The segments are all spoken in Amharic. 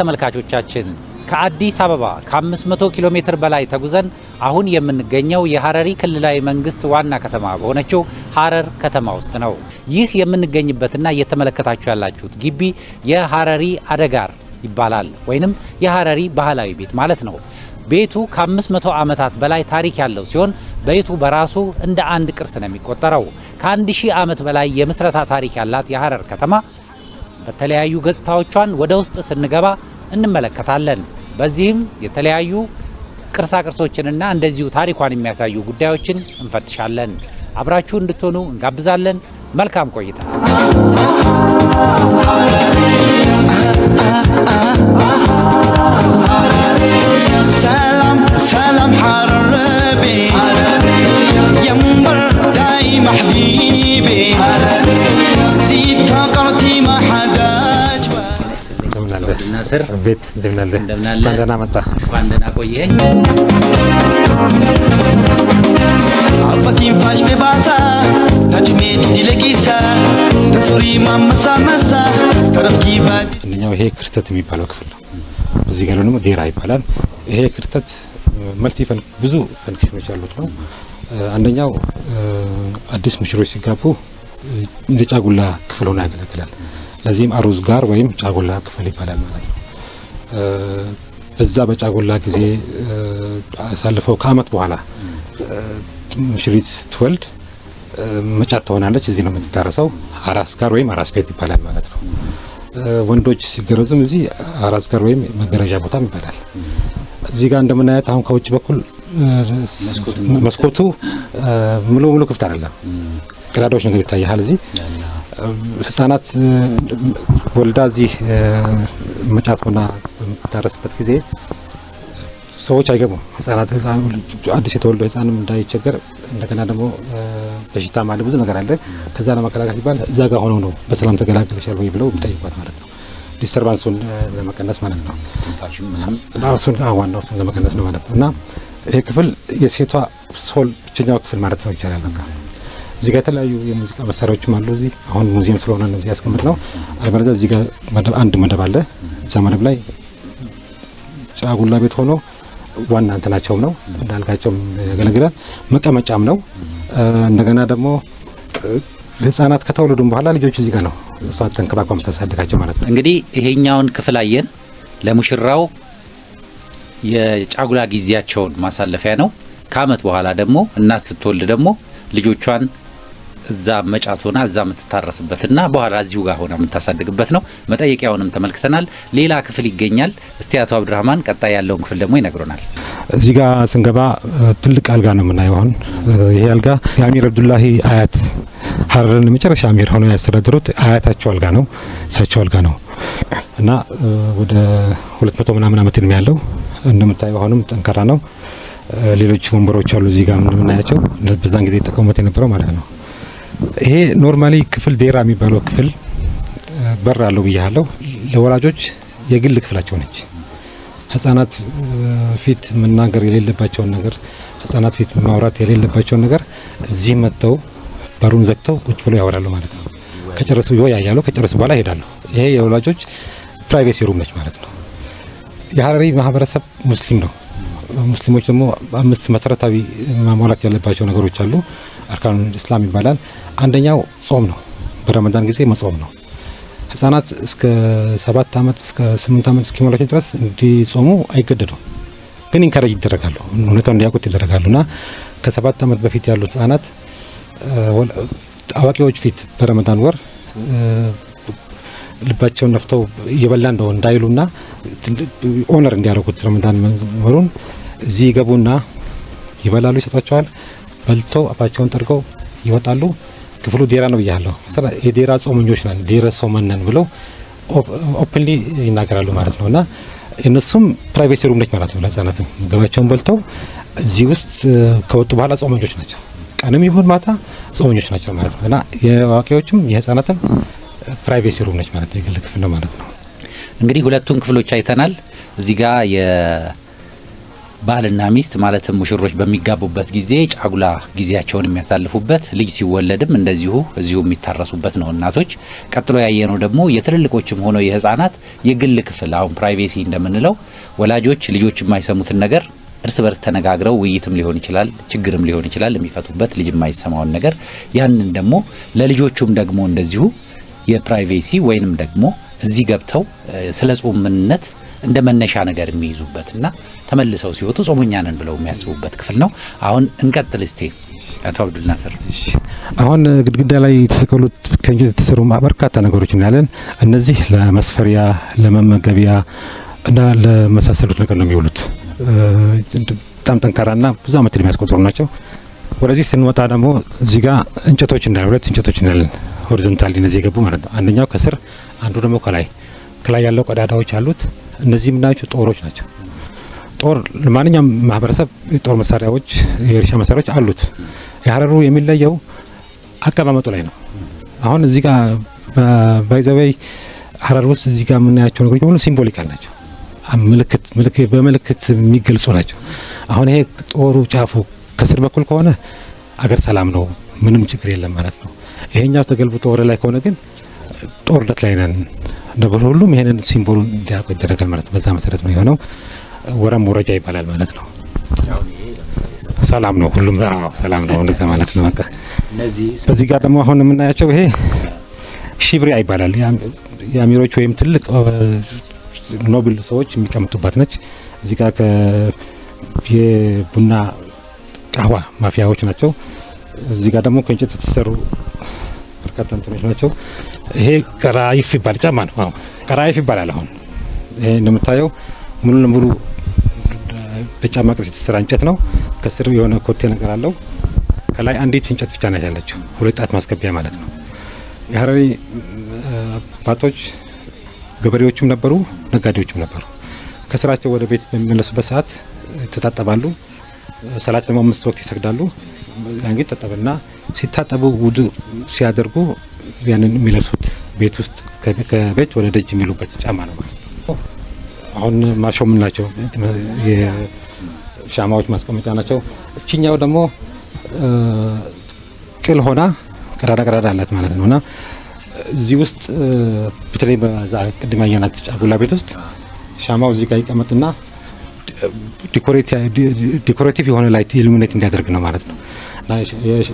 ተመልካቾቻችን ከአዲስ አበባ ከ500 ኪሎ ሜትር በላይ ተጉዘን አሁን የምንገኘው የሐረሪ ክልላዊ መንግስት ዋና ከተማ በሆነችው ሐረር ከተማ ውስጥ ነው። ይህ የምንገኝበትና እየተመለከታችሁ ያላችሁት ግቢ የሐረሪ አደጋር ይባላል፣ ወይንም የሐረሪ ባህላዊ ቤት ማለት ነው። ቤቱ ከ500 ዓመታት በላይ ታሪክ ያለው ሲሆን ቤቱ በራሱ እንደ አንድ ቅርስ ነው የሚቆጠረው። ከ1000 ዓመት በላይ የምስረታ ታሪክ ያላት የሐረር ከተማ በተለያዩ ገጽታዎቿን ወደ ውስጥ ስንገባ እንመለከታለን። በዚህም የተለያዩ ቅርሳ ቅርሶችንና እንደዚሁ ታሪኳን የሚያሳዩ ጉዳዮችን እንፈትሻለን። አብራችሁ እንድትሆኑ እንጋብዛለን። መልካም ቆይታ። ሰላም ሰላም የምበር ናስር እንኳን ደህና እንኳን ደህና ቤባሳ ዲለቂሳ ማመሳ መሳ ተረፍኪ ይሄ ክርተት የሚባለው ክፍል ነው። እዚህ ጋር ደግሞ ዴራ ይባላል። ይሄ ክርተት መልቲ ብዙ ፈንክሽኖች ያሉት ነው። አንደኛው አዲስ ሙሽሮች ሲጋቡ እንደ ጫጉላ ክፍል ሆኖ ያገለግላል። እነዚህም አሩዝ ጋር ወይም ጫጉላ ክፍል ይባላል ማለት ነው። በዛ በጫጉላ ጊዜ አሳልፈው ከአመት በኋላ ሽሪት ስትወልድ መጫት ትሆናለች። እዚህ ነው የምትታረሰው። አራስ ጋር ወይም አራስ ቤት ይባላል ማለት ነው። ወንዶች ሲገረዙም እዚህ አራስ ጋር ወይም መገረዣ ቦታም ይባላል። እዚህ ጋር እንደምናያት አሁን ከውጭ በኩል መስኮቱ ሙሉ ሙሉ ክፍት አይደለም። ቅዳዳዎች ነገር ይታያል እዚህ ህጻናት ወልዳ እዚህ መጫት ሆና በምታረስበት ጊዜ ሰዎች አይገቡም። ህጻናት አዲስ የተወልደ ህጻንም እንዳይቸገር እንደገና ደግሞ በሽታ ማለ ብዙ ነገር አለ። ከዛ ለመከላከል ሲባል እዛ ጋር ሆነው ነው በሰላም ተገላገልሻል ወይ ብለው የሚጠይቋት ማለት ነው። ዲስተርባንሱን ለመቀነስ ማለት ነው። እሱን ዋናው እሱን ለመቀነስ ነው ማለት ነው። እና ይህ ክፍል የሴቷ ሶል ብቸኛው ክፍል ማለት ነው ይቻላል በቃ እዚህ ጋር የተለያዩ የሙዚቃ መሳሪያዎችም አሉ። እዚህ አሁን ሙዚየም ስለሆነ ነው እዚህ ያስቀምጥ ነው። አለበለዚያ እዚህ ጋር አንድ መደብ አለ። እዛ መደብ ላይ ጫጉላ ቤት ሆኖ ዋና እንትናቸውም ነው እንዳልጋቸውም ያገለግላል። መቀመጫም ነው። እንደገና ደግሞ ህጻናት ከተወለዱም በኋላ ልጆች እዚህ ጋር ነው እሷ ተንከባክባ የምታሳድጋቸው ማለት ነው። እንግዲህ ይሄኛውን ክፍል አየን። ለሙሽራው የጫጉላ ጊዜያቸውን ማሳለፊያ ነው። ከአመት በኋላ ደግሞ እናት ስትወልድ ደግሞ ልጆቿን እዛ መጫት ሆና እዛ የምትታረስበትና በኋላ እዚሁ ጋር ሆና የምታሳድግበት ነው። መጠየቂያውንም ተመልክተናል። ሌላ ክፍል ይገኛል። እስቲ አቶ አብዱራህማን ቀጣይ ያለውን ክፍል ደግሞ ይነግሮናል። እዚህ ጋር ስንገባ ትልቅ አልጋ ነው የምናየው። አሁን ይሄ አልጋ የአሚር አብዱላሂ አያት ሀረርን መጨረሻ አሚር ሆነው ያስተዳደሩት አያታቸው አልጋ ነው፣ እሳቸው አልጋ ነው እና ወደ ሁለት መቶ ምናምን ዓመት እድሜ ያለው እንደምታየው አሁንም ጠንካራ ነው። ሌሎች ወንበሮች አሉ እዚህ ጋር የምናያቸው በዛን ጊዜ ጠቀሙበት የነበረው ማለት ነው። ይሄ ኖርማሊ ክፍል ዴራ የሚባለው ክፍል በር አለው ብያለሁ። ለወላጆች የግል ክፍላቸው ነች። ህጻናት ፊት መናገር የሌለባቸውን ነገር፣ ህጻናት ፊት ማውራት የሌለባቸውን ነገር እዚህ መጥተው በሩን ዘግተው ቁጭ ብሎ ያወራሉ ማለት ነው። ከጨረሱ ይወያያሉ። ከጨረሱ በኋላ ይሄዳሉ። ይሄ የወላጆች ፕራይቬሲ ሩም ነች ማለት ነው። የሀረሪ ማህበረሰብ ሙስሊም ነው። ሙስሊሞች ደግሞ አምስት መሰረታዊ ማሟላት ያለባቸው ነገሮች አሉ። አርካኑል ኢስላም ይባላል። አንደኛው ጾም ነው። በረመዳን ጊዜ መጾም ነው። ህጻናት እስከ ሰባት ዓመት እስከ ስምንት ዓመት እስኪሞላቸው ድረስ እንዲጾሙ አይገደዱም፣ ግን ኢንካሬጅ ይደረጋሉ። ሁኔታው እንዲያውቁት ይደረጋሉ እና ከሰባት ዓመት በፊት ያሉ ህጻናት አዋቂዎች ፊት በረመዳን ወር ልባቸውን ነፍተው እየበላ እንደሆነ እንዳይሉና ኦነር እንዲያደርጉት ረመዳን ወሩን እዚህ ይገቡና ይበላሉ፣ ይሰጧቸዋል። በልተው አፋቸውን ጠርገው ይወጣሉ። ክፍሉ ዴራ ነው ብያለሁ። የዴራ ጾመኞች ነን፣ ዴረ ሶመነን ብለው ኦፕንሊ ይናገራሉ ማለት ነው እና እነሱም ፕራይቬሲ ሩም ነች ማለት ነው ለህጻናትም ገባቸውን በልተው እዚህ ውስጥ ከወጡ በኋላ ጾመኞች ናቸው። ቀንም ይሁን ማታ ጾመኞች ናቸው ማለት ነው እና የአዋቂዎችም የህጻናትም ፕራይቬሲ ሩም ነች ማለት ነው፣ የግል ክፍል ነው ማለት ነው። እንግዲህ ሁለቱን ክፍሎች አይተናል እዚህ ጋር ባልና ሚስት ማለትም ሙሽሮች በሚጋቡበት ጊዜ ጫጉላ ጊዜያቸውን የሚያሳልፉበት ልጅ ሲወለድም እንደዚሁ እዚሁ የሚታረሱበት ነው እናቶች። ቀጥሎ ያየነው ደግሞ የትልልቆችም ሆነው የህፃናት የግል ክፍል አሁን ፕራይቬሲ እንደምንለው ወላጆች ልጆች የማይሰሙትን ነገር እርስ በርስ ተነጋግረው ውይይትም ሊሆን ይችላል፣ ችግርም ሊሆን ይችላል የሚፈቱበት ልጅ የማይሰማውን ነገር ያንን ደግሞ ለልጆቹም ደግሞ እንደዚሁ የፕራይቬሲ ወይንም ደግሞ እዚህ ገብተው ስለ ጾምነት እንደ መነሻ ነገር የሚይዙበት እና ተመልሰው ሲወጡ ጾመኛ ብለው የሚያስቡበት ክፍል ነው። አሁን እንቀጥል እስቲ አቶ አብዱልናስር። አሁን ግድግዳ ላይ የተሰቀሉት ከእንጨት የተሰሩ በርካታ ነገሮች እናያለን። እነዚህ ለመስፈሪያ፣ ለመመገቢያ እና ለመሳሰሉት ነገር ነው የሚውሉት። በጣም ጠንካራና ብዙ አመት የሚያስቆጥሩ ናቸው። ወደዚህ ስንወጣ ደግሞ እዚህ ጋር እንጨቶች እናያለን። ሁለት እንጨቶች እናያለን ሆሪዞንታል እነዚህ የገቡ ማለት ነው። አንደኛው ከስር አንዱ ደግሞ ከላይ ከላይ ያለው ቀዳዳዎች አሉት። እነዚህ የምናያቸው ጦሮች ናቸው። ጦር ማንኛውም ማህበረሰብ የጦር መሳሪያዎች፣ የእርሻ መሳሪያዎች አሉት። የሀረሩ የሚለየው አቀማመጡ ላይ ነው። አሁን እዚህ ጋር ባይዘበይ ሀረር ውስጥ እዚህ ጋር የምናያቸው ነገሮች ሁሉ ሲምቦሊካል ናቸው፣ ምልክት በምልክት የሚገልጹ ናቸው። አሁን ይሄ ጦሩ ጫፉ ከስር በኩል ከሆነ አገር ሰላም ነው፣ ምንም ችግር የለም ማለት ነው። ይሄኛው ተገልብጦ ወደ ላይ ከሆነ ግን ጦርነት ላይ ነን ነገር ሁሉም ይሄንን ሲምቦሉን እንዲያውቁ ይደረጋል ማለት ነው። በዛ መሰረት ነው የሆነው። ወረም ወረጃ ይባላል ማለት ነው። ሰላም ነው፣ ሁሉም ሰላም ነው። እንደዛ ማለት ነው። በቃ እዚህ ጋር ደግሞ አሁን የምናያቸው ይሄ ሺብሪያ ይባላል። የአሚሮች ወይም ትልቅ ኖብል ሰዎች የሚቀምጡባት ነች። እዚህ ጋር የቡና ቃህዋ ማፊያዎች ናቸው። እዚህ ጋር ደግሞ ከእንጨት የተሰሩ የሚያስቀጡ እንትኖች ናቸው። ይሄ ቀራይፍ ይባል ጫማ ነው። አዎ ቀራይፍ ይባላል። አሁን ይሄ እንደምታየው ሙሉ ለሙሉ በጫማ ቅርጽ የተሰራ እንጨት ነው። ከስር የሆነ ኮቴ ነገር አለው። ከላይ አንዲት እንጨት ብቻ ናት ያለችው፣ ሁለት ጣት ማስገቢያ ማለት ነው። የሀረሪ አባቶች ገበሬዎችም ነበሩ፣ ነጋዴዎችም ነበሩ። ከስራቸው ወደ ቤት በሚመለሱበት ሰዓት ይተጣጠባሉ። ሰላት ደግሞ አምስት ወቅት ይሰግዳሉ። ያን ይታጠብና ሲታጠቡ ውዱ ሲያደርጉ ያንን የሚለብሱት ቤት ውስጥ ከቤት ወደ ደጅ የሚሉበት ጫማ ነው ማለት ነው። አሁን ማሾም ናቸው የሻማዎች ማስቀመጫ ናቸው። እችኛው ደግሞ ቅል ሆና ቀዳዳ ቀዳዳ አላት ማለት ነው እና እዚህ ውስጥ በተለይ በዛ ቅድሚያ ያናት ጫጉላ ቤት ውስጥ ሻማው እዚህ ጋር ይቀመጥና ዲኮሬቲቭ የሆነ ላይት ኢሉሚኔት እንዲያደርግ ነው ማለት ነው።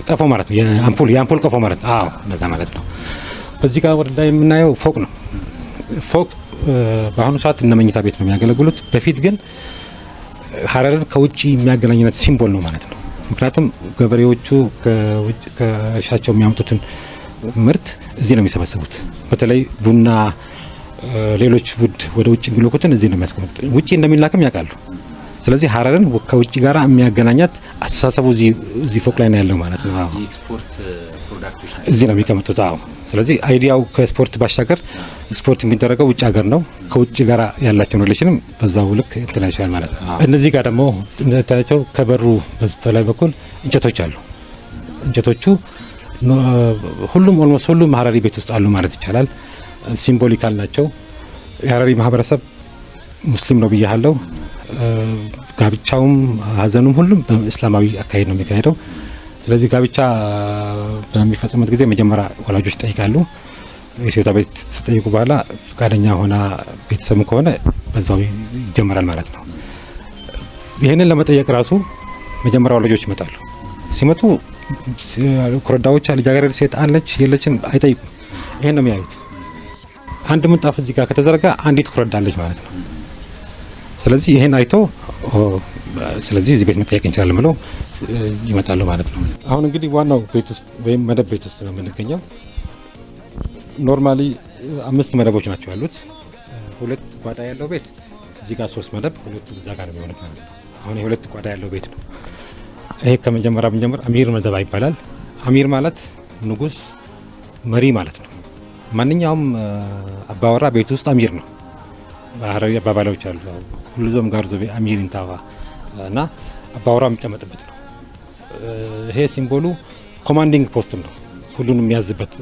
ቀፎ ማለት ነው። የአምፖል የአምፖል ቀፎ ማለት ነው። አዎ እነዛ ማለት ነው። በዚህ ጋር ወደ ላይ የምናየው ፎቅ ነው። ፎቅ በአሁኑ ሰዓት እነ መኝታ ቤት ነው የሚያገለግሉት። በፊት ግን ሀረርን ከውጭ የሚያገናኝነት ሲምቦል ነው ማለት ነው። ምክንያቱም ገበሬዎቹ ከእርሻቸው የሚያመጡትን ምርት እዚህ ነው የሚሰበስቡት። በተለይ ቡና ሌሎች ውድ ወደ ውጭ የሚልኩትን እዚህ ነው የሚያስቀምጡ። ውጭ እንደሚላክም ያውቃሉ። ስለዚህ ሀረርን ከውጭ ጋር የሚያገናኛት አስተሳሰቡ እዚህ ፎቅ ላይ ነው ያለው ማለት ነው። እዚህ ነው የሚቀመጡት። አዎ። ስለዚህ አይዲያው ከስፖርት ባሻገር ስፖርት የሚደረገው ውጭ ሀገር ነው። ከውጭ ጋር ያላቸውን ሪሌሽንም በዛው ልክ እንትናቸዋል ማለት ነው። እነዚህ ጋር ደግሞ እንደታያቸው ከበሩ በስተላይ በኩል እንጨቶች አሉ። እንጨቶቹ ሁሉም ኦልሞስት ሁሉም ሀረሪ ቤት ውስጥ አሉ ማለት ይቻላል። ሲምቦሊካል ናቸው። የሀረሪ ማህበረሰብ ሙስሊም ነው ብያለው። ጋብቻውም ሀዘኑም ሁሉም በእስላማዊ አካሄድ ነው የሚካሄደው። ስለዚህ ጋብቻ በሚፈጽምበት ጊዜ መጀመሪያ ወላጆች ይጠይቃሉ። የሴቷ ቤት ተጠይቁ በኋላ ፈቃደኛ ሆና ቤተሰቡ ከሆነ በዛው ይጀመራል ማለት ነው። ይህንን ለመጠየቅ ራሱ መጀመሪያ ወላጆች ይመጣሉ። ሲመጡ ኮረዳዎች ልጃገረድ ሴት አለች የለችን አይጠይቁም። ይህን ነው የሚያዩት። አንድ ምንጣፍ እዚህ ጋር ከተዘረጋ አንዲት ትኩረዳለች ማለት ነው። ስለዚህ ይሄን አይቶ ስለዚህ እዚህ ቤት መጠየቅ እንችላለን ብለው ይመጣሉ ማለት ነው። አሁን እንግዲህ ዋናው ቤት ውስጥ ወይም መደብ ቤት ውስጥ ነው የምንገኘው። ኖርማሊ አምስት መደቦች ናቸው ያሉት። ሁለት ጓዳ ያለው ቤት እዚህ ጋር ሶስት መደብ፣ ሁለቱ እዛ ጋር ነው ማለት ነው። አሁን የሁለት ጓዳ ያለው ቤት ነው ይሄ። ከመጀመሪያ ብንጀምር አሚር መደባ ይባላል። አሚር ማለት ንጉስ መሪ ማለት ነው። ማንኛውም አባወራ ቤት ውስጥ አሚር ነው። ባህራዊ አባባሎች አሉ። ሁሉ ዞም ጋር ዞቤ አሚር እንታዋ እና አባወራ የሚቀመጥበት ነው። ይሄ ሲምቦሉ ኮማንዲንግ ፖስትም ነው። ሁሉን የሚያዝበት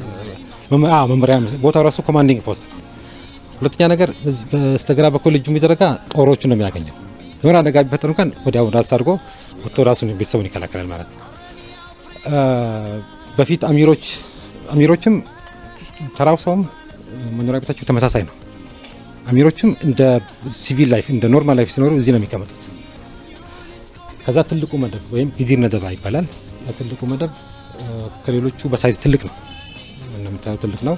መመሪያ ቦታው ራሱ ኮማንዲንግ ፖስት ነው። ሁለተኛ ነገር በስተግራ በኩል እጁ የሚዘረጋ ጦሮቹ ነው የሚያገኘው። የሆነ አደጋ ቢፈጠር እንኳን ወዲያው ራስ አድርጎ ወጥቶ ራሱን ቤተሰቡን ይከላከላል ማለት ነው። በፊት አሚሮች አሚሮችም ተራው ሰውም መኖሪያ ቤታቸው ተመሳሳይ ነው። አሚሮችም እንደ ሲቪል ላይፍ እንደ ኖርማል ላይፍ ሲኖሩ እዚህ ነው የሚቀመጡት። ከዛ ትልቁ መደብ ወይም ጊዲር ነደባ ይባላል። ትልቁ መደብ ከሌሎቹ በሳይዝ ትልቅ ነው፣ እንደምታየው ትልቅ ነው።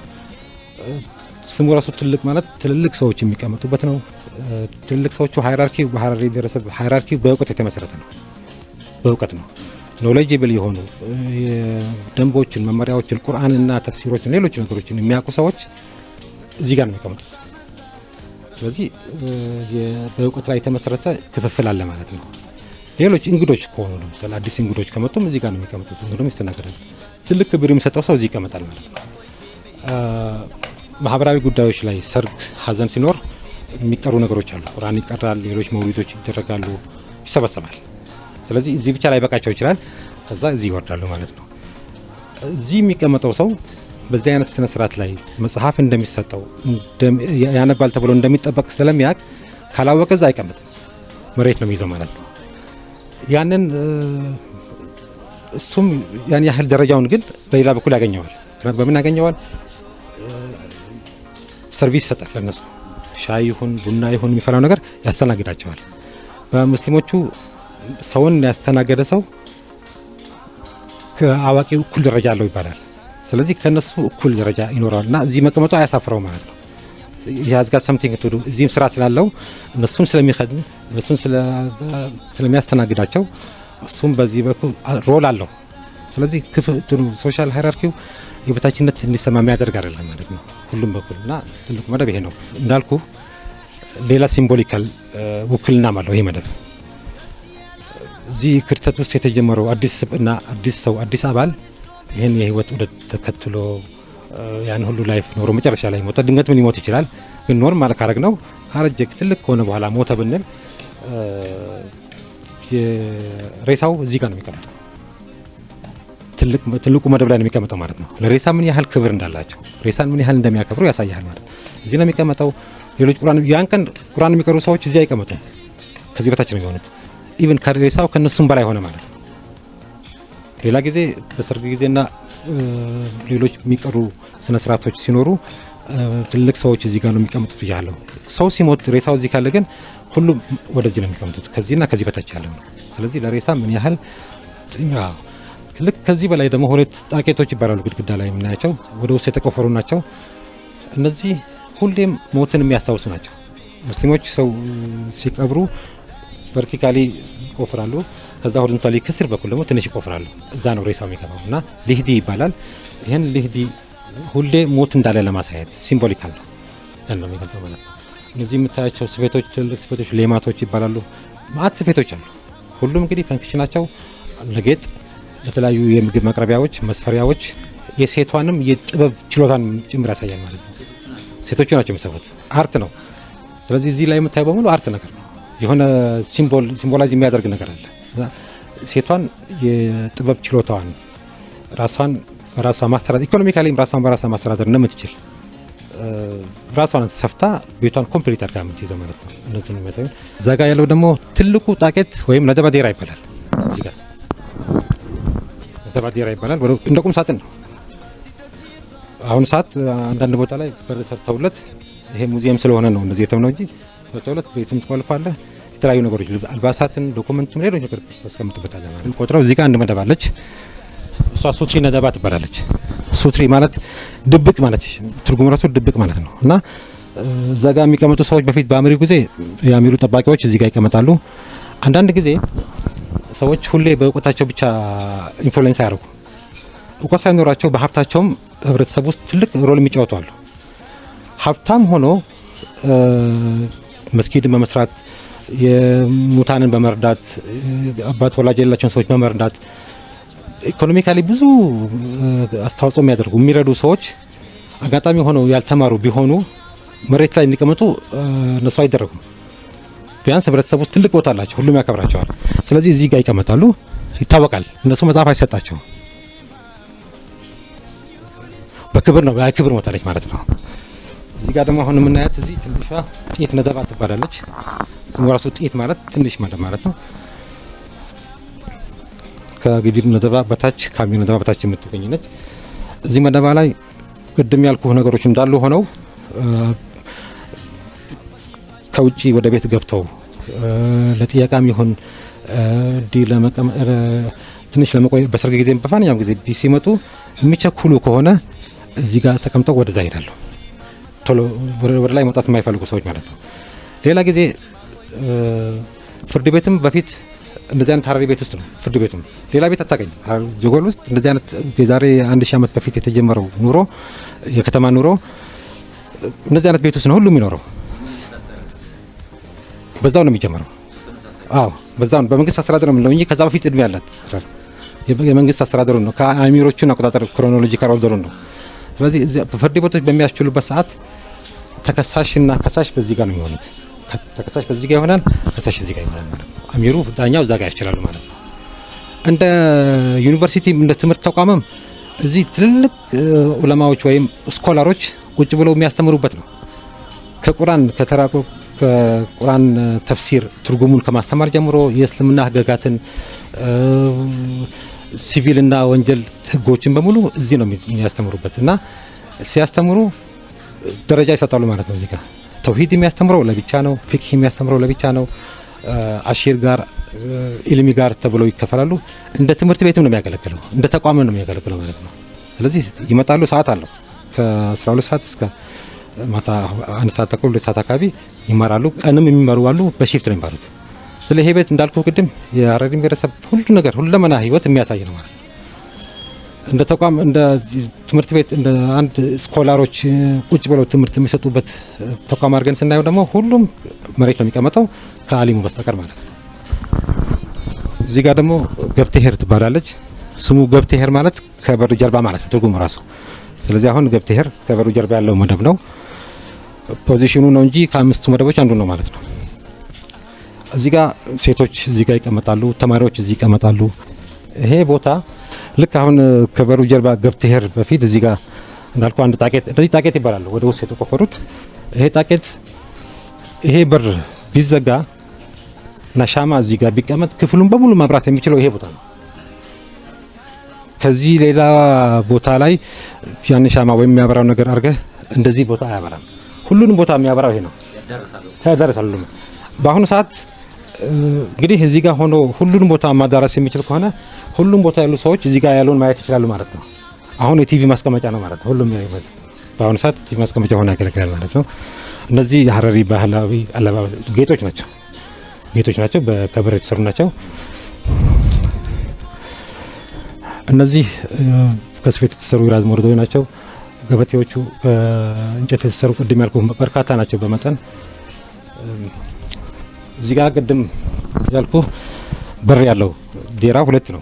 ስሙ ራሱ ትልቅ ማለት ትልልቅ ሰዎች የሚቀመጡበት ነው። ትልልቅ ሰዎቹ ሃይራርኪ በሀራሪ ብሔረሰብ ሃይራርኪ በእውቀት የተመሰረተ ነው። በእውቀት ነው ኖሌጅብል የሆኑ ደንቦችን፣ መመሪያዎችን፣ ቁርአንና ተፍሲሮችን፣ ሌሎች ነገሮችን የሚያውቁ ሰዎች እዚህ ጋር ነው የሚቀመጡት። ስለዚህ በእውቀት ላይ የተመሰረተ ክፍፍል አለ ማለት ነው። ሌሎች እንግዶች ከሆኑ ለምሳሌ አዲስ እንግዶች ከመጡም እዚህ ጋር ነው የሚቀመጡት። እንግዶም ይስተናገዳል። ትልቅ ክብር የሚሰጠው ሰው እዚህ ይቀመጣል ማለት ነው። ማህበራዊ ጉዳዮች ላይ ሰርግ፣ ሀዘን ሲኖር የሚቀሩ ነገሮች አሉ። ቁርአን ይቀራል፣ ሌሎች መውሊዶች ይደረጋሉ፣ ይሰበሰባል። ስለዚህ እዚህ ብቻ ላይበቃቸው ይችላል። ከዛ እዚህ ይወርዳሉ ማለት ነው። እዚህ የሚቀመጠው ሰው በዚህ አይነት ስነ ስርዓት ላይ መጽሐፍ እንደሚሰጠው ያነባል ተብሎ እንደሚጠበቅ ስለሚያቅ ካላወቀ እዛ አይቀመጥም፣ መሬት ነው የሚይዘው ማለት ነው። ያንን እሱም ያን ያህል ደረጃውን ግን በሌላ በኩል ያገኘዋል። በምን ያገኘዋል? ሰርቪስ ይሰጣል ለነሱ ሻይ ይሁን ቡና ይሁን የሚፈላው ነገር ያስተናግዳቸዋል። በሙስሊሞቹ ሰውን ያስተናገደ ሰው ከአዋቂው እኩል ደረጃ አለው ይባላል። ስለዚህ ከነሱ እኩል ደረጃ ይኖረዋል እና እዚህ መቀመጡ አያሳፍረው ማለት ነው። የአዝጋር ሰምቲንግ ቱዱ እዚህም ስራ ስላለው እነሱን ስለሚከድም እነሱን ስለሚያስተናግዳቸው እሱም በዚህ በኩል ሮል አለው። ስለዚህ ክፍትኑ ሶሻል ሃይራርኪው የበታችነት እንዲሰማ የሚያደርግ አይደለም ማለት ነው። ሁሉም በኩል እና ትልቁ መደብ ይሄ ነው እንዳልኩ ሌላ ሲምቦሊካል ውክልናም አለው ይሄ መደብ እዚህ ክርተት ውስጥ የተጀመረው አዲስ ስብዕና፣ አዲስ ሰው፣ አዲስ አባል ይህን የህይወት ውደት ተከትሎ ያን ሁሉ ላይፍ ኖሮ መጨረሻ ላይ ሞተ። ድንገት ምን ሊሞት ይችላል፣ ግን ኖርማል ካረግ ነው ካረጀ ትልቅ ከሆነ በኋላ ሞተ ብንል ሬሳው እዚህ ጋር ነው የሚቀመጠው። ትልቁ መደብ ላይ ነው የሚቀመጠው ማለት ነው። ለሬሳ ምን ያህል ክብር እንዳላቸው ሬሳን ምን ያህል እንደሚያከብሩ ያሳያል ማለት እዚህ ነው የሚቀመጠው። ሌሎች ቁርአን ያን ቀን ቁርአን የሚቀሩ ሰዎች እዚህ አይቀመጡም። ከዚህ በታች ነው የሚሆኑት። ኢቨን ከሬሳው ከነሱም በላይ ሆነ ማለት ነው። ሌላ ጊዜ በሰርግ ጊዜና ሌሎች የሚቀሩ ስነ ስርዓቶች ሲኖሩ ትልቅ ሰዎች እዚህ ጋር ነው የሚቀምጡት ብያለሁ። ሰው ሲሞት ሬሳው እዚህ ካለ ግን ሁሉም ወደዚህ ነው የሚቀምጡት፣ ከዚህና ከዚህ በታች ያለው ነው። ስለዚህ ለሬሳ ምን ያህል ልክ ከዚህ በላይ ደግሞ ሁለት ጣቄቶች ይባላሉ ግድግዳ ላይ የምናያቸው ወደ ውስጥ የተቆፈሩ ናቸው። እነዚህ ሁሌም ሞትን የሚያስታውሱ ናቸው። ሙስሊሞች ሰው ሲቀብሩ ቨርቲካሊ ቆፍራሉ። ከዛ ሆሪዞንታሊ ከስር በኩል ደግሞ ትንሽ ይቆፍራሉ። እዛ ነው ሬሳው የሚገባው እና ሊህዲ ይባላል። ይህን ሊህዲ ሁሌ ሞት እንዳለ ለማሳየት ሲምቦሊካል ነው ነው የሚገልጸው ማለት ነው። እነዚህ የምታያቸው ስፌቶች፣ ትልልቅ ስፌቶች ሌማቶች ይባላሉ። ማአት ስፌቶች አሉ። ሁሉም እንግዲህ ፈንክሽናቸው ለጌጥ፣ ለተለያዩ የምግብ ማቅረቢያዎች፣ መስፈሪያዎች የሴቷንም የጥበብ ችሎታን ጭምር ያሳያል ማለት ነው። ሴቶቹ ናቸው የሚሰፉት። አርት ነው። ስለዚህ እዚህ ላይ የምታየው በሙሉ አርት ነገር ነው። የሆነ ሲምቦል ሲምቦላይዝ የሚያደርግ ነገር አለ። ሴቷን የጥበብ ችሎታዋን ራሷን በራሷ ማስተዳደር ኢኮኖሚካሊም ራሷን በራሷ ማስተዳደር እንደምትችል ራሷን ሰፍታ ቤቷን ኮምፕሊት አድርጋ የምትይዘው ማለት ነው። እነዚህ የሚያሳዩ እዛ ጋ ያለው ደግሞ ትልቁ ጣቄት ወይም ነደባዴራ ይባላል። ነደባዴራ ይባላል። እንደ ቁም ሳጥን ነው። አሁን ሰዓት አንዳንድ ቦታ ላይ በር ሰርተውለት ይሄ ሙዚየም ስለሆነ ነው እንደዚህ የተምነው እንጂ በምትመጣው ዕለት ቤትም ትቆልፋለህ። የተለያዩ ነገሮች አልባሳትን፣ ዶኩመንትም፣ ሌሎች ነገር ታስቀምጥበታለህ ማለት ነው። ቆጥረው እዚህ ጋር አንድ መደብ አለች። እሷ ሱትሪ ነደባ ትባላለች። ሱትሪ ማለት ድብቅ ማለት ትርጉም ራሱ ድብቅ ማለት ነው እና እዛ ጋር የሚቀመጡ ሰዎች በፊት በአሚሩ ጊዜ የአሚሩ ጠባቂዎች እዚህ ጋር ይቀመጣሉ። አንዳንድ ጊዜ ሰዎች ሁሌ በእውቀታቸው ብቻ ኢንፍሉዌንስ ያደርጉ እውቀት ሳይኖራቸው በሀብታቸውም ህብረተሰብ ውስጥ ትልቅ ሮል የሚጫወቱ አሉ። ሀብታም ሆኖ መስጊድን በመስራት የሙታንን በመርዳት አባት ወላጅ የሌላቸውን ሰዎች በመርዳት ኢኮኖሚካሊ ብዙ አስተዋጽኦ የሚያደርጉ የሚረዱ ሰዎች አጋጣሚ ሆነው ያልተማሩ ቢሆኑ መሬት ላይ እንዲቀመጡ እነሱ አይደረጉም። ቢያንስ ህብረተሰብ ውስጥ ትልቅ ቦታ አላቸው፣ ሁሉም ያከብራቸዋል። ስለዚህ እዚህ ጋር ይቀመጣሉ፣ ይታወቃል። እነሱ መጽሐፍ አይሰጣቸውም። በክብር ነው በክብር ሞታለች ማለት ነው። እዚህ ጋር ደግሞ አሁን የምናያት እዚህ ትንሿ ጤት ነጠባ ትባላለች። ስሙ ራሱ ጤት ማለት ትንሽ ማለት ማለት ነው። ከግድብ ነጠባ በታች ካሚዮ ነጠባ በታች የምትገኝ ነች። እዚህ መደባ ላይ ቅድም ያልኩ ነገሮች እንዳሉ ሆነው ከውጭ ወደ ቤት ገብተው ለጥያቃም ይሁን እንዲህ ትንሽ ለመቆየት በሰርግ ጊዜ በማንኛውም ጊዜ ሲመጡ የሚቸኩሉ ከሆነ እዚህ ጋር ተቀምጠው ወደዛ ይሄዳሉ። ቶሎ ወደ ላይ መውጣት የማይፈልጉ ሰዎች ማለት ነው። ሌላ ጊዜ ፍርድ ቤትም በፊት እንደዚህ አይነት ሀረሪ ቤት ውስጥ ነው ፍርድ ቤቱም ሌላ ቤት አታገኝ ጀጎል ውስጥ እንደዚህ አይነት የዛሬ አንድ ሺህ ዓመት በፊት የተጀመረው ኑሮ የከተማ ኑሮ እንደዚህ አይነት ቤት ውስጥ ነው ሁሉ የሚኖረው። በዛው ነው የሚጀምረው። አዎ በዛው ነው በመንግስት አስተዳደር ነው የምንለው እ ከዛ በፊት እድሜ ያላት የመንግስት አስተዳደሩ ነው ከአሚሮቹን አቆጣጠር ክሮኖሎጂካል ኦርደሩ ነው። ስለዚህ ፍርድ ቤቶች በሚያስችሉበት ሰዓት ተከሳሽና ከሳሽ በዚህ ጋር ነው የሚሆኑት። ተከሳሽ በዚህ ጋር ይሆናል፣ ከሳሽ እዚህ ጋር ይሆናል ማለት ነው። አሚሩ ዳኛው እዛ ጋር ያስችላሉ ማለት ነው። እንደ ዩኒቨርሲቲ እንደ ትምህርት ተቋምም እዚህ ትልልቅ ዑለማዎች ወይም ስኮላሮች ቁጭ ብለው የሚያስተምሩበት ነው። ከቁራን ከተራቆ ከቁራን ተፍሲር ትርጉሙን ከማስተማር ጀምሮ የእስልምና ህገጋትን ሲቪልና ወንጀል ህጎችን በሙሉ እዚህ ነው የሚያስተምሩበት እና ሲያስተምሩ ደረጃ ይሰጣሉ ማለት ነው። እዚህ ተውሂድ የሚያስተምረው ለብቻ ነው። ፊቅህ የሚያስተምረው ለብቻ ነው። አሺር ጋር ኢልሚ ጋር ተብለው ይከፈላሉ። እንደ ትምህርት ቤትም ነው የሚያገለግለው፣ እንደ ተቋም ነው የሚያገለግለው ማለት ነው። ስለዚህ ይመጣሉ። ሰዓት አለው ከ12 ሰዓት እስከ ማታ አንድ ሰዓት ተኩል ሁለት ሰዓት አካባቢ ይማራሉ። ቀንም የሚመሩ አሉ። በሺፍት ነው የሚማሩት። ስለ ይሄ ቤት እንዳልኩ ቅድም የሀረሪ ብሔረሰብ ሁሉ ነገር ሁለመና ህይወት የሚያሳይ ነው ማለት ነው። እንደ ተቋም እንደ ትምህርት ቤት እንደ አንድ ስኮላሮች ቁጭ ብለው ትምህርት የሚሰጡበት ተቋም አድርገን ስናየው ደግሞ ሁሉም መሬት ነው የሚቀመጠው ከአሊሙ በስተቀር ማለት ነው። እዚህ ጋር ደግሞ ገብትሄር ትባላለች። ስሙ ገብትሄር ማለት ከበሩ ጀርባ ማለት ነው ትርጉሙ ራሱ። ስለዚህ አሁን ገብተሄር ከበሩ ጀርባ ያለው መደብ ነው። ፖዚሽኑ ነው እንጂ ከአምስቱ መደቦች አንዱ ነው ማለት ነው። እዚህ ጋር ሴቶች እዚህ ጋር ይቀመጣሉ፣ ተማሪዎች እዚህ ይቀመጣሉ። ይሄ ቦታ ልክ አሁን ከበሩ ጀርባ ገብትሄር በፊት እዚህ ጋር እንዳልኩ አንድ ጣቄት እንደዚህ ጣቄት ይባላል። ወደ ውስጥ የተቆፈሩት ይሄ ጣቄት ይሄ በር ቢዘጋ እና ሻማ እዚህ ጋር ቢቀመጥ ክፍሉን በሙሉ ማብራት የሚችለው ይሄ ቦታ ነው። ከዚህ ሌላ ቦታ ላይ ያን ሻማ ወይም የሚያበራው ነገር አድርገህ እንደዚህ ቦታ አያበራም። ሁሉንም ቦታ የሚያበራው ይሄ ነው። ተደረሳሉ በአሁኑ ሰዓት እንግዲህ እዚህ ጋር ሆኖ ሁሉንም ቦታ ማዳረስ የሚችል ከሆነ ሁሉም ቦታ ያሉ ሰዎች እዚህ ጋር ያሉን ማየት ይችላሉ ማለት ነው። አሁን የቲቪ ማስቀመጫ ነው ማለት ነው። ሁሉም በአሁኑ ሰዓት ቲቪ ማስቀመጫ ሆኖ ያገለግላል ማለት ነው። እነዚህ የሀረሪ ባህላዊ አለባበስ ጌጦች ናቸው። ጌጦች ናቸው። በከብር የተሰሩ ናቸው። እነዚህ ከስፌት የተሰሩ ራዝ ሞረዶች ናቸው። ገበቴዎቹ በእንጨት የተሰሩ ቅድም ያልኩ በርካታ ናቸው በመጠን እዚህ ጋር ቅድም ያልኩ በር ያለው ዴራ ሁለት ነው።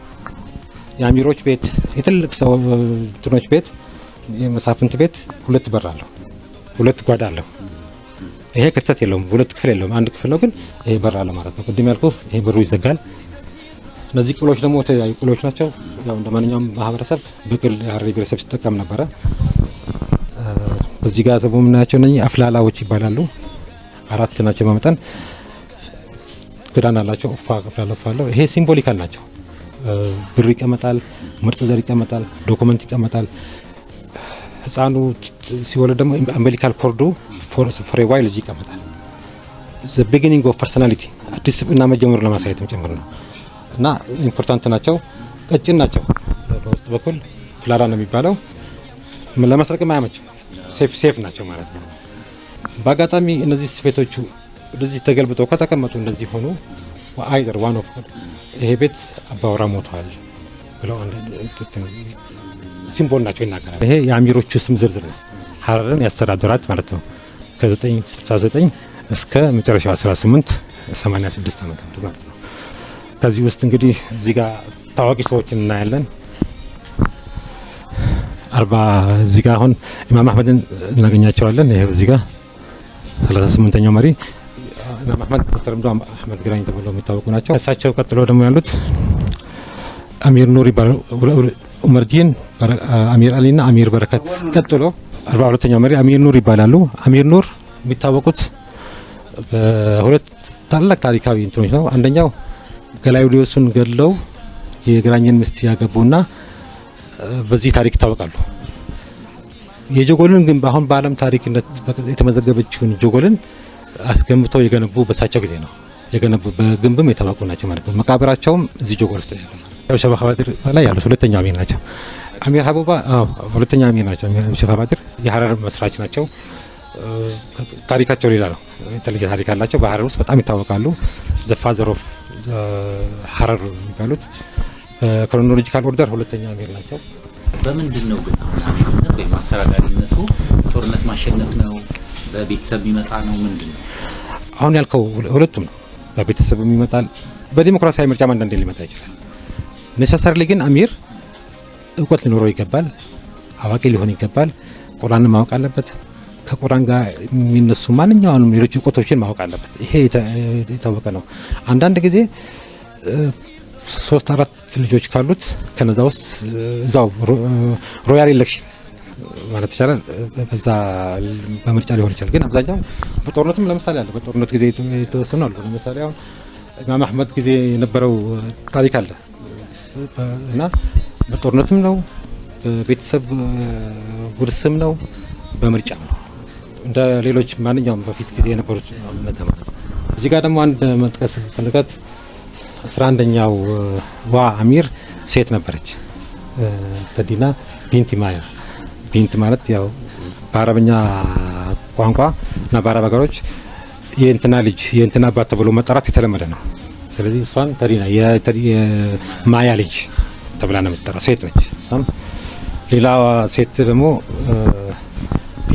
የአሚሮች ቤት፣ የትልቅ ሰው እንትኖች ቤት፣ የመሳፍንት ቤት ሁለት በር አለው፣ ሁለት ጓዳ አለው። ይሄ ክፍተት የለውም፣ ሁለት ክፍል የለውም፣ አንድ ክፍል ነው። ግን ይሄ በር አለ ማለት ነው። ቅድም ያልኩ ይሄ በሩ ይዘጋል። እነዚህ ቅሎች ደግሞ የተለያዩ ቅሎች ናቸው። ያው እንደ ማንኛውም ማህበረሰብ በቅል የሀረሪ ብሔረሰብ ሲጠቀም ነበረ። እዚህ ጋር ደግሞ የምናያቸው አፍላላዎች ይባላሉ። አራት ናቸው በመጠን ክዳን አላቸው። ፋለፋለሁ ይሄ ሲምቦሊካል ናቸው። ብር ይቀመጣል፣ ምርጥ ዘር ይቀመጣል፣ ዶኩመንት ይቀመጣል። ህፃኑ ሲወለድ ደግሞ አምቢሊካል ኮርዱ ፎር ዋይ ልጅ ይቀመጣል። ዘ ቢጊኒንግ ኦፍ ፐርሶናሊቲ አዲስ እና መጀመሩ ለማሳየትም ጭምር ነው እና ኢምፖርታንት ናቸው። ቀጭን ናቸው። በውስጥ በኩል ፍላራ ነው የሚባለው። ለመስረቅም አያመችም። ሴፍ ሴፍ ናቸው ማለት ነው። በአጋጣሚ እነዚህ ስፌቶቹ ወደዚህ ተገልብጠው ከተቀመጡ እንደዚህ ሆኖ አይዘር ዋን ኦፍ ይሄ ቤት አባወራ ሞተዋል ብለው ሲምቦል ናቸው ይናገራል። ይሄ የአሚሮቹ ስም ዝርዝር ነው። ሀረርን ያስተዳደራት ማለት ነው ከ969 እስከ መጨረሻው 18 86 ዓመት ማለት ነው። ከዚህ ውስጥ እንግዲህ እዚህ ጋር ታዋቂ ሰዎች እናያለን። አርባ እዚህ ጋር አሁን ኢማም አህመድን እናገኛቸዋለን። ይሄ እዚህ ጋር 38ኛው መሪ ኢማም አህመድ በተለምዶ አህመድ ግራኝ ተብለው የሚታወቁ ናቸው። እሳቸው ቀጥሎ ደግሞ ያሉት አሚር ኑር ይባላሉ። ኡመርዲን አሚር አሊና አሚር በረከት ቀጥሎ አርባ ሁለተኛው መሪ አሚር ኑር ይባላሉ። አሚር ኑር የሚታወቁት በሁለት ታላቅ ታሪካዊ እንትኖች ነው። አንደኛው ገላውዲዮስን ገድለው የግራኝን ያገቡ ያገቡና በዚህ ታሪክ ይታወቃሉ። የጆጎልን ግን በአሁን በዓለም ታሪክነት የተመዘገበችውን ጆጎልን አስገንብተው የገነቡ በሳቸው ጊዜ ነው የገነቡ በግንብም የታወቁ ናቸው ማለት ነው። መቃብራቸውም እዚህ ጆጎር ውስጥ ያለ ያው ሸባ ከባድር ላይ ያሉት ሁለተኛ አሚር ናቸው። አሚር ሀቡባ ሁለተኛ አሚር ናቸው። ሸባ ባድር የሀረር መስራች ናቸው። ታሪካቸው ሌላ ነው። የተለየ ታሪክ አላቸው። በሀረር ውስጥ በጣም ይታወቃሉ። ፋዘር ኦፍ ሀረር የሚባሉት ክሮኖሎጂካል ኦርደር ሁለተኛ አሚር ናቸው። በምንድን ነው ግን አሚርነት ወይም አስተዳዳሪነቱ ጦርነት ማሸነፍ ነው በቤተሰብ የሚመጣ ነው ምንድን ነው? አሁን ያልከው ሁለቱም ነው። በቤተሰብ የሚመጣል በዲሞክራሲያዊ ምርጫ አንዳንዴ ሊመጣ ይችላል። ኔሰሰርሊ ግን አሚር እውቀት ሊኖረው ይገባል። አዋቂ ሊሆን ይገባል። ቁርአንን ማወቅ አለበት። ከቁርአን ጋር የሚነሱ ማንኛውንም ሌሎች እውቀቶችን ማወቅ አለበት። ይሄ የታወቀ ነው። አንዳንድ ጊዜ ሶስት አራት ልጆች ካሉት ከነዛ ውስጥ እዛው ሮያል ኢሌክሽን ማለት ይቻላል በዛ በምርጫ ሊሆን ይችላል። ግን አብዛኛው በጦርነትም ለምሳሌ አለ። በጦርነት ጊዜ የተወሰኑ አሉ። ለምሳሌ አሁን ኢማም አህመድ ጊዜ የነበረው ታሪክ አለ እና በጦርነትም ነው፣ በቤተሰብ ውርስም ነው፣ በምርጫም ነው እንደ ሌሎች ማንኛውም በፊት ጊዜ የነበሩት እምነት ማለት ነው። እዚህ ጋር ደግሞ አንድ መጥቀስ ፈለጋት አስራ አንደኛው ዋ አሚር ሴት ነበረች፣ ተዲና ቢንቲ ማያ ፔንት ማለት ያው በአረብኛ ቋንቋ እና በአረብ ሀገሮች የእንትና ልጅ የእንትና አባት ተብሎ መጠራት የተለመደ ነው። ስለዚህ እሷን ተሪና የማያ ልጅ ተብላ ነው የምትጠራው። ሴት ነች። እሷም ሌላ ሴት ደግሞ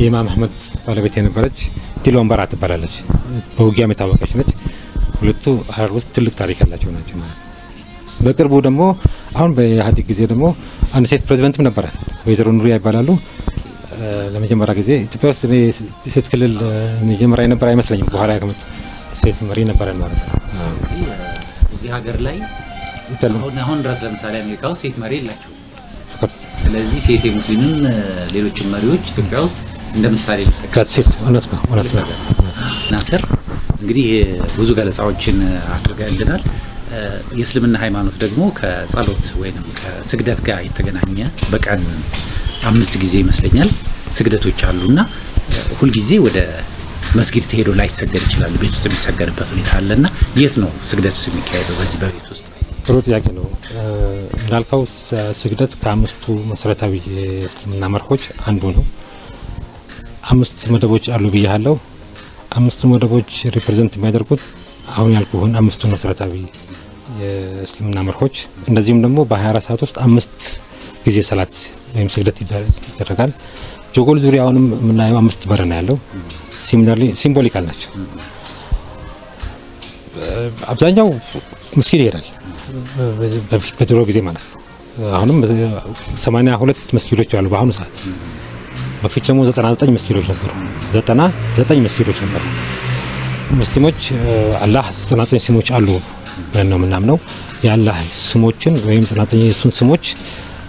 የኢማም አህመድ ባለቤት የነበረች ዲሎንበራ ወንበራ ትባላለች። በውጊያም የታወቀች ነች። ሁለቱ ሀረር ውስጥ ትልቅ ታሪክ ያላቸው ናቸው። በቅርቡ ደግሞ አሁን በኢህአዴግ ጊዜ ደግሞ አንድ ሴት ፕሬዚደንትም ነበረ፣ ወይዘሮ ኑሪያ ይባላሉ። ለመጀመሪያ ጊዜ ኢትዮጵያ ውስጥ ሴት ክልል መጀመሪያ የነበረ አይመስለኝም። በኋላ ከመጡ ሴት መሪ ነበረ ማለት ነው። እዚህ ሀገር ላይ አሁን ድረስ ለምሳሌ አሜሪካ ውስጥ ሴት መሪ የላቸው። ስለዚህ ሴት የሙስሊምም ሌሎችም መሪዎች ኢትዮጵያ ውስጥ እንደ ምሳሌ ሴት እውነት ነው እውነት ነው። ናስር እንግዲህ ብዙ ገለጻዎችን አድርገልናል። የእስልምና ሃይማኖት ደግሞ ከጸሎት ወይም ከስግደት ጋር የተገናኘ በቀን አምስት ጊዜ ይመስለኛል ስግደቶች እና ሁልጊዜ ወደ መስጊድ ተሄዶ ላይሰገድ ይችላሉ ቤት ውስጥ የሚሰገድበት ሁኔታ አለና የት ነው ስግደት ውስጥ የሚካሄደው? በዚህ በቤት ውስጥ ጥሩ ጥያቄ ነው። እንዳልከው ስግደት ከአምስቱ መሰረታዊ የእስልምና መርሆች አንዱ ነው። አምስት መደቦች አሉ ብያለው። አምስቱ መደቦች ሪፕሬዘንት የሚያደርጉት አሁን ያልኩህን አምስቱ መሰረታዊ የእስልምና መርሆች እንደዚሁም ደግሞ በ24 ሰዓት ውስጥ አምስት ጊዜ ሰላት ወይም ስግደት ይደረጋል። ጆጎል ዙሪያ አሁንም የምናየው አምስት በር ነው ያለው። ሲምቦሊካል ናቸው። አብዛኛው መስጊድ ይሄዳል፣ በፊት በድሮ ጊዜ ማለት ነው። አሁንም 82 መስጊዶች አሉ በአሁኑ ሰዓት። በፊት ደግሞ 99 መስጊዶች ነበሩ። 99 መስጊዶች ነበሩ። ሙስሊሞች አላህ 99 ስሞች አሉ ብለን ነው የምናምነው። የአላህ ስሞችን ወይም ጽናተኛ የሱን ስሞች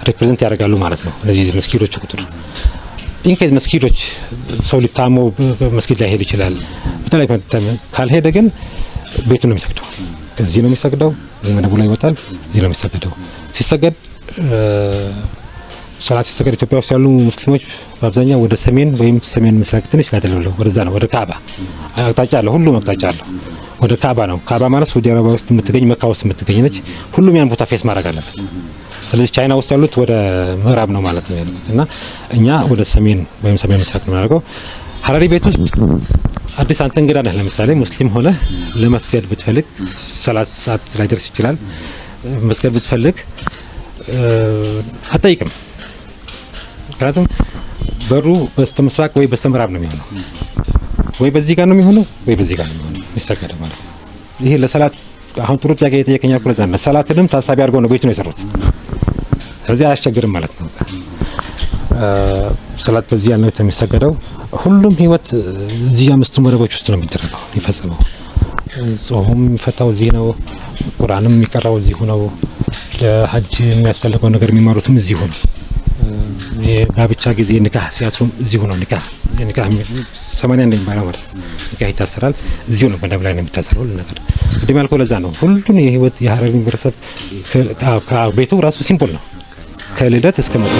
ሪፕሬዘንት ያደርጋሉ ማለት ነው። እነዚህ መስጊዶች ቁጥር ኢንኬዝ መስጊዶች ሰው ሊታሞ መስጊድ ላይ ሄድ ይችላል። በተለይ ካልሄደ ግን ቤቱ ነው የሚሰግደው። እዚህ ነው የሚሰግደው። ዘመደቡ ላይ ይወጣል። እዚህ ነው የሚሰግደው። ሲሰገድ ሰላት ሲሰገድ ኢትዮጵያ ውስጥ ያሉ ሙስሊሞች በአብዛኛው ወደ ሰሜን ወይም ሰሜን ምስራቅ ትንሽ ላይ ተለብለው ወደዛ ነው ወደ ካባ አቅጣጫ አለ፣ ሁሉም አቅጣጫ አለው። ወደ ካባ ነው። ካባ ማለት ሳውዲ አረቢያ ውስጥ የምትገኝ መካ ውስጥ የምትገኝ ነች። ሁሉም ያን ቦታ ፌስ ማድረግ አለበት። ስለዚህ ቻይና ውስጥ ያሉት ወደ ምዕራብ ነው ማለት ነው ያሉት እና እኛ ወደ ሰሜን ወይም ሰሜን ምስራቅ ነው የምናደርገው። ሀረሪ ቤት ውስጥ አዲስ አንተ እንግዳ ነህ። ለምሳሌ ሙስሊም ሆነ ለመስገድ ብትፈልግ ሰላት ሰዓት ላይ ደርስ ይችላል። መስገድ ብትፈልግ አጠይቅም። ምክንያቱም በሩ በስተ ምስራቅ ወይ በስተ ምዕራብ ነው የሚሆነው፣ ወይ በዚህ ጋር ነው የሚሆነው፣ ወይ በዚህ ጋር ነው የሚሆነው ይሰገደ ማለት ነው። ይሄ ለሰላት አሁን ጥሩ ጥያቄ የጠየቀኝ እኮ ሰላትንም ታሳቢ አድርገው ነው ቤት ነው የሰሩት። ስለዚህ አያስቸግርም ማለት ነው። ሰላት በዚህ ያልነው የሚሰገደው ሁሉም ህይወት እዚህ አምስቱ መደቦች ውስጥ ነው የሚደረገው የሚፈጸመው። ጾሙም የሚፈታው እዚህ ነው። ቁርአንም የሚቀራው እዚሁ ነው። ለሀጅ የሚያስፈልገው ነገር የሚማሩትም እዚሁ ነው። የጋብቻ ጊዜ ንካህ ሲያሱም እዚሁ ነው። ኒካህ ኒካህ ሰማንያ እንደሚባለው ማለት ኒካህ ይታሰራል። እዚሁ ነው መዳብ ላይ ነው የሚታሰረው። ልነገር ቅድም ያልከው ለዛ ነው። ሁሉን የህይወት የሀረሪ ብሔረሰብ ቤቱ ራሱ ሲምቦል ነው ከልደት እስከ ሞት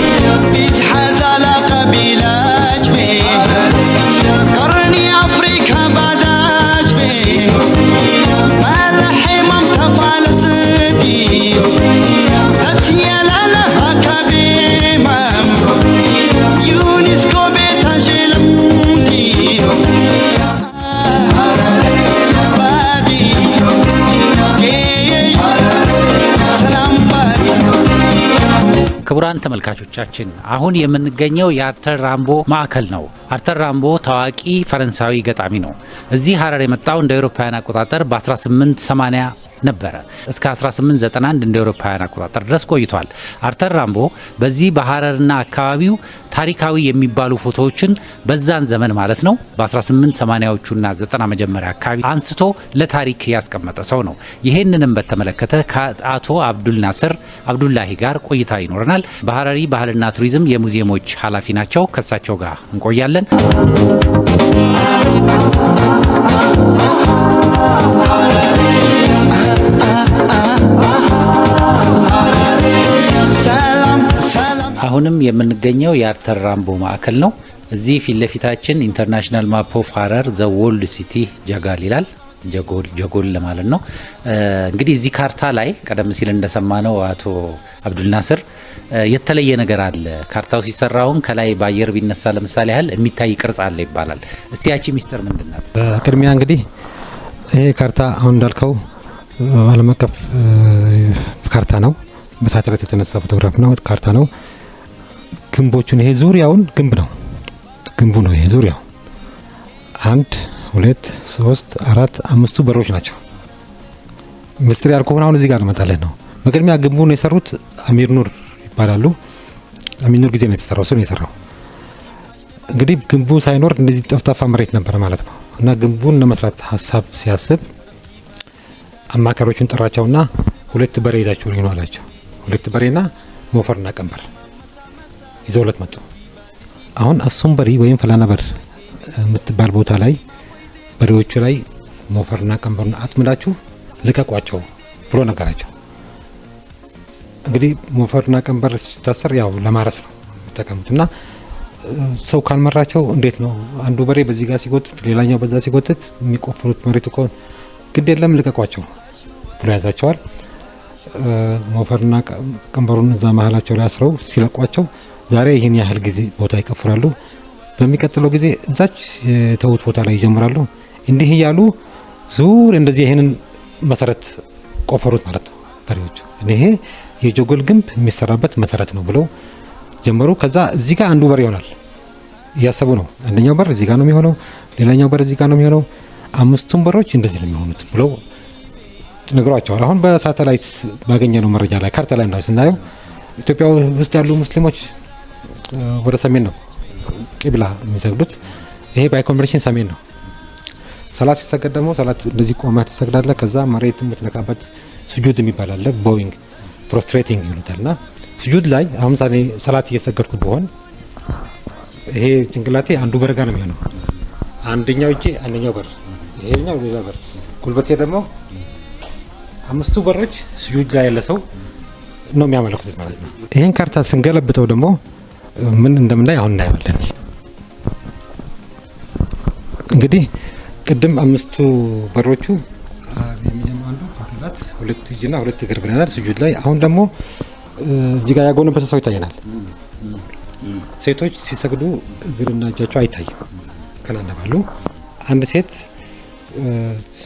ክቡራን ተመልካቾቻችን አሁን የምንገኘው የአርተር ራምቦ ማዕከል ነው። አርተር ራምቦ ታዋቂ ፈረንሳዊ ገጣሚ ነው። እዚህ ሀረር የመጣው እንደ አውሮፓውያን አቆጣጠር በ1880 ነበረ እስከ 1891 እንደ ኤውሮፓውያን አቆጣጠር ድረስ ቆይቷል። አርተር ራምቦ በዚህ በሀረርና አካባቢው ታሪካዊ የሚባሉ ፎቶዎችን በዛን ዘመን ማለት ነው በ1880ዎቹና 90 መጀመሪያ አካባቢ አንስቶ ለታሪክ ያስቀመጠ ሰው ነው። ይህንንም በተመለከተ ከአቶ አብዱልናስር አብዱላሂ ጋር ቆይታ ይኖረናል። በሀረሪ ባህልና ቱሪዝም የሙዚየሞች ኃላፊ ናቸው። ከሳቸው ጋር እንቆያለን። Thank you. አሁንም የምንገኘው የአርተር ራምቦ ማዕከል ነው። እዚህ ፊት ለፊታችን ኢንተርናሽናል ማፕ ኦፍ ሀረር ዘ ወልድ ሲቲ ጀጋል ይላል። ጀጎል ለማለት ነው። እንግዲህ እዚህ ካርታ ላይ ቀደም ሲል እንደሰማነው አቶ አብዱልናስር የተለየ ነገር አለ። ካርታው ሲሰራ አሁን ከላይ በአየር ቢነሳ ለምሳሌ ያህል የሚታይ ቅርጽ አለ ይባላል። እስቲ ያቺ ሚስጥር ምንድን ናት? እንግዲህ ይሄ ካርታ አሁን እንዳልከው ዓለም አቀፍ ካርታ ነው። በሳተላይት የተነሳ ፎቶግራፍ ነው፣ ካርታ ነው። ግንቦቹን ይሄ ዙሪያውን ግንብ ነው፣ ግንቡ ነው ይሄ ዙሪያው። አንድ ሁለት ሶስት አራት አምስቱ በሮች ናቸው። ምስሪ ያልኩህን አሁን እዚህ ጋር ልመጣልህ ነው። በቅድሚያ ግንቡን የሰሩት አሚር ኑር ይባላሉ። አሚር ኑር ጊዜ ነው የተሰራው፣ እሱ ነው የሰራው። እንግዲህ ግንቡ ሳይኖር እንደዚህ ጠፍጣፋ መሬት ነበረ ማለት ነው። እና ግንቡን ለመስራት ሀሳብ ሲያስብ አማካሪዎቹን ጠራቸውና ሁለት በሬ ይዛችሁ ነው አላቸው። ሁለት በሬና ሞፈርና ቀንበር ይዘው ሁለት መጡ። አሁን አሱም በሪ ወይም ፈላና በር የምትባል ቦታ ላይ በሬዎቹ ላይ ሞፈርና ቀንበሩን አጥምዳችሁ ልቀቋቸው ብሎ ነገራቸው። እንግዲህ ሞፈርና ቀንበር ሲታሰር ያው ለማረስ ነው የሚጠቀሙት እና ሰው ካልመራቸው እንዴት ነው አንዱ በሬ በዚህ ጋር ሲጎትት፣ ሌላኛው በዛ ሲጎትት የሚቆፍሩት መሬት እኮ ግድ የለም ልቀቋቸው ብሎ ያዛቸዋል። ሞፈርና ቀንበሩን እዛ መሀላቸው ላይ አስረው ሲለቋቸው ዛሬ ይህን ያህል ጊዜ ቦታ ይቀፍራሉ፣ በሚቀጥለው ጊዜ እዛች የተውት ቦታ ላይ ይጀምራሉ። እንዲህ እያሉ ዙር እንደዚህ ይህንን መሰረት ቆፈሩት ማለት ነው በሬዎቹ። ይሄ የጆጎል ግንብ የሚሰራበት መሰረት ነው ብለው ጀመሩ። ከዛ እዚህ ጋር አንዱ በር ይሆናል እያሰቡ ነው። አንደኛው በር እዚህ ጋር ነው የሚሆነው፣ ሌላኛው በር እዚህ ጋር ነው የሚሆነው። አምስቱም በሮች እንደዚህ ነው የሚሆኑት ብለው ነግሯቸዋል። አሁን በሳተላይት ባገኘነው መረጃ ላይ ካርታ ላይ ስናየው ኢትዮጵያ ውስጥ ያሉ ሙስሊሞች ወደ ሰሜን ነው ቂብላ የሚሰግዱት። ይሄ ባይ ኮንቨርሽን ሰሜን ነው። ሰላት ሲሰገድ ደግሞ ሰላት እንደዚህ ቆመህ ትሰግዳለ። ከዛ መሬት የምትነካበት ስጁድ የሚባል አለ። ቦዊንግ ፕሮስትሬቲንግ ይሉታል። ና ስጁድ ላይ አሁን ምሳሌ ሰላት እየሰገድኩ ብሆን ይሄ ጭንቅላቴ አንዱ በረጋ ነው የሚሆነው። አንደኛው እጄ አንደኛው በር፣ ይሄኛው ሌላ በር፣ ጉልበቴ ደግሞ አምስቱ በሮች ስጁድ ላይ ያለ ሰው ነው የሚያመለክቱት ማለት ነው። ይህን ካርታ ስንገለብጠው ደግሞ ምን እንደምናይ አሁን እናየዋለን። እንግዲህ ቅድም አምስቱ በሮቹ የሚጀምሩ አንዱ ሁለት እጅና ሁለት እግር ብለናል ስጁድ ላይ። አሁን ደግሞ እዚህ ጋር ያጎነበሰ ሰው ይታየናል። ሴቶች ሲሰግዱ እግርና እጃቸው አይታይም፣ ከናነባሉ። አንድ ሴት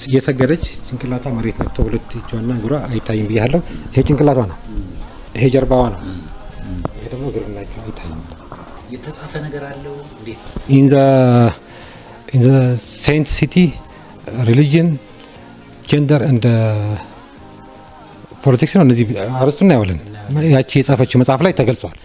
እየሰገደች ጭንቅላቷ መሬት ነክቶ ሁለት እጇና እግሯ አይታይም ብያለሁ። ይሄ ጭንቅላቷ ነው፣ ይሄ ጀርባዋ ነው፣ ይሄ ደግሞ እግርና አይታይም። የተጻፈ ነገር አለው። ኢን ዘ ሴንት ሲቲ ሪሊጅን ጀንደር እንደ ፖለቲክስ ነው። እነዚህ አርስቱን እናየዋለን። ያቺ የጻፈችው መጽሐፍ ላይ ተገልጸዋል።